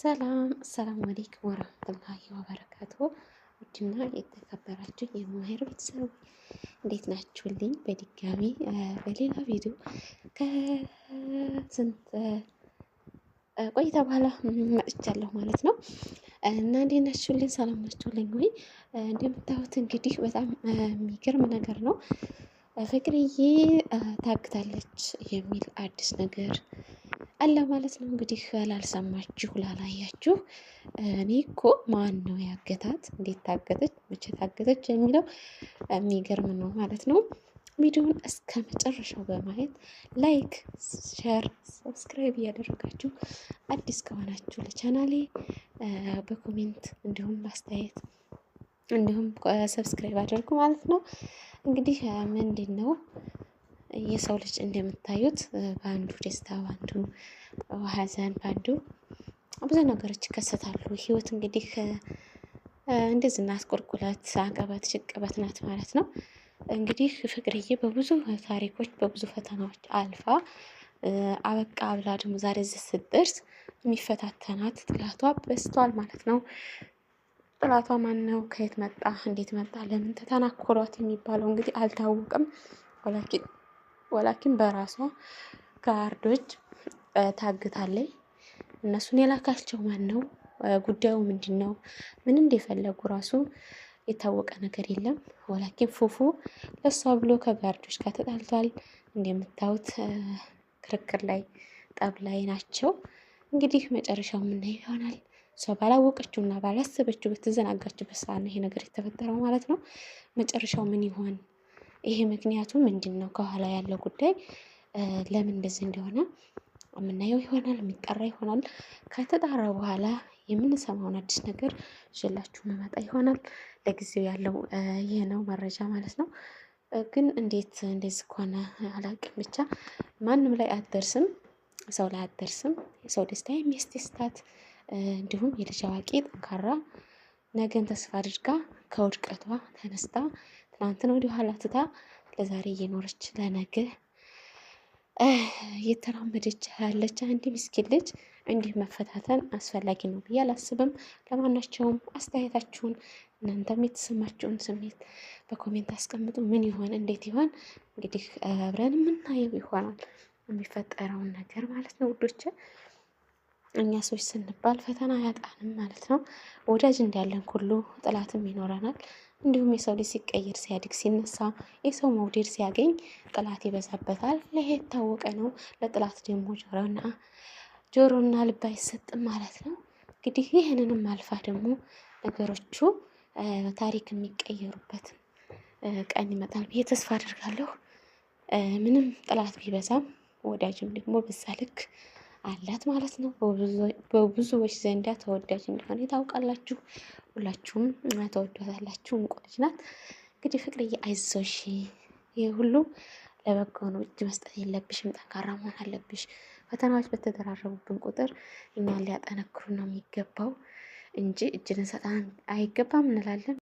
ሰላም አሰላሙ አለይኩም ወረህመቱላሂ ወበረካቱ። ውድና የተከበራችሁ የማሄር ቤተሰብ እንዴት ናችሁልኝ? በድጋሚ በሌላ ቪዲዮ ከስንት ቆይታ በኋላ መጥቻለሁ ማለት ነው። እና እንዴት ናችሁልኝ? ሰላም ናችሁልኝ ወይ? እንደምታዩት እንግዲህ በጣም የሚገርም ነገር ነው። ፍቅርዬ ታግታለች የሚል አዲስ ነገር አለ ማለት ነው። እንግዲህ ላልሰማችሁ ላላያችሁ፣ እኔ እኮ ማን ነው ያገታት፣ እንዴት ታገተች፣ መቼ ታገተች የሚለው የሚገርም ነው ማለት ነው። ቪዲዮውን እስከ መጨረሻው በማየት ላይክ፣ ሸር፣ ሰብስክራይብ እያደረጋችሁ አዲስ ከሆናችሁ ለቻናሌ በኮሜንት እንዲሁም ማስተያየት እንዲሁም ሰብስክራይብ አድርጉ ማለት ነው። እንግዲህ ምንድን ነው የሰው ልጅ እንደምታዩት በአንዱ ደስታ፣ በአንዱ ሐዘን፣ በአንዱ ብዙ ነገሮች ይከሰታሉ። ህይወት እንግዲህ እንደዚህ ናት። ቁልቁለት፣ አቀበት፣ ሽቅበት ናት ማለት ነው። እንግዲህ ፍቅርዬ በብዙ ታሪኮች በብዙ ፈተናዎች አልፋ አበቃ ብላ ደግሞ ዛሬ እዚህ ስትደርስ የሚፈታተናት ጥላቷ በስቷል ማለት ነው። ጥላቷ ማን ነው? ከየት መጣ? እንዴት መጣ? ለምን ተተናኮሏት? የሚባለው እንግዲህ አልታወቅም። ወላኪን ወላኪን በራሷ ጋርዶች ታግታለይ። እነሱን የላካቸው ማን ነው? ጉዳዩ ምንድን ነው? ምን እንደፈለጉ ራሱ የታወቀ ነገር የለም። ወላኪን ፉፉ ለሷ ብሎ ከጋርዶች ጋር ተጣልቷል። እንደምታዩት ክርክር ላይ ጠብ ላይ ናቸው። እንግዲህ መጨረሻው ምናይ ይሆናል። እሷ ባላወቀችው እና ባላሰበችው በተዘናጋችበት ሰዓት ነው ይሄ ነገር የተፈጠረው ማለት ነው። መጨረሻው ምን ይሆን? ይሄ ምክንያቱ ምንድን ነው? ከኋላ ያለው ጉዳይ ለምን እንደዚህ እንደሆነ የምናየው ይሆናል፣ የሚጠራ ይሆናል። ከተጣራ በኋላ የምንሰማውን አዲስ ነገር ይዤላችሁ መመጣ ይሆናል። ለጊዜው ያለው ይህ ነው መረጃ ማለት ነው። ግን እንዴት እንደዚህ ከሆነ አላውቅም። ብቻ ማንም ላይ አትደርስም፣ ሰው ላይ አትደርስም። የሰው ደስታ የሚያስደስታት እንዲሁም የልጅ አዋቂ ጠንካራ ነገን ተስፋ አድርጋ ከውድቀቷ ተነስታ ትናንትን ወደ ኋላ ትታ ለዛሬ እየኖረች ለነገ እየተራመደች ያለች አንድ ምስኪን ልጅ እንዲህ መፈታተን አስፈላጊ ነው ብዬ አላስብም። ለማናቸውም አስተያየታችሁን እናንተም የተሰማችሁን ስሜት በኮሜንት አስቀምጡ። ምን ይሆን እንዴት ይሆን እንግዲህ አብረን የምናየው ይሆናል የሚፈጠረውን ነገር ማለት ነው ውዶቼ። እኛ ሰዎች ስንባል ፈተና አያጣንም ማለት ነው። ወዳጅ እንዳለን ሁሉ ጥላትም ይኖረናል። እንዲሁም የሰው ልጅ ሲቀየር፣ ሲያድግ፣ ሲነሳ የሰው መውደድ ሲያገኝ ጥላት ይበዛበታል። ለይሄ የታወቀ ነው። ለጥላት ደግሞ ጆሮና ጆሮና ልብ አይሰጥም ማለት ነው። እንግዲህ ይህንንም አልፋ ደግሞ ነገሮቹ ታሪክ የሚቀየሩበት ቀን ይመጣል ብዬ ተስፋ አድርጋለሁ። ምንም ጥላት ቢበዛም ወዳጅም ደግሞ በዛ ልክ አላት ማለት ነው። በብዙዎች ዘንዳ ተወዳጅ እንደሆነ ታውቃላችሁ። ሁላችሁም ተወዷታላችሁ። እንቁ ልጅ ናት። እንግዲህ ፍቅርዬ አይዞሽ፣ ይህ ሁሉ ለበጎ ነው። እጅ መስጠት የለብሽም። ጠንካራ መሆን አለብሽ። ፈተናዎች በተደራረቡብን ቁጥር እኛ ሊያጠነክሩ ነው የሚገባው እንጂ እጅ ልንሰጥ አይገባም እንላለን።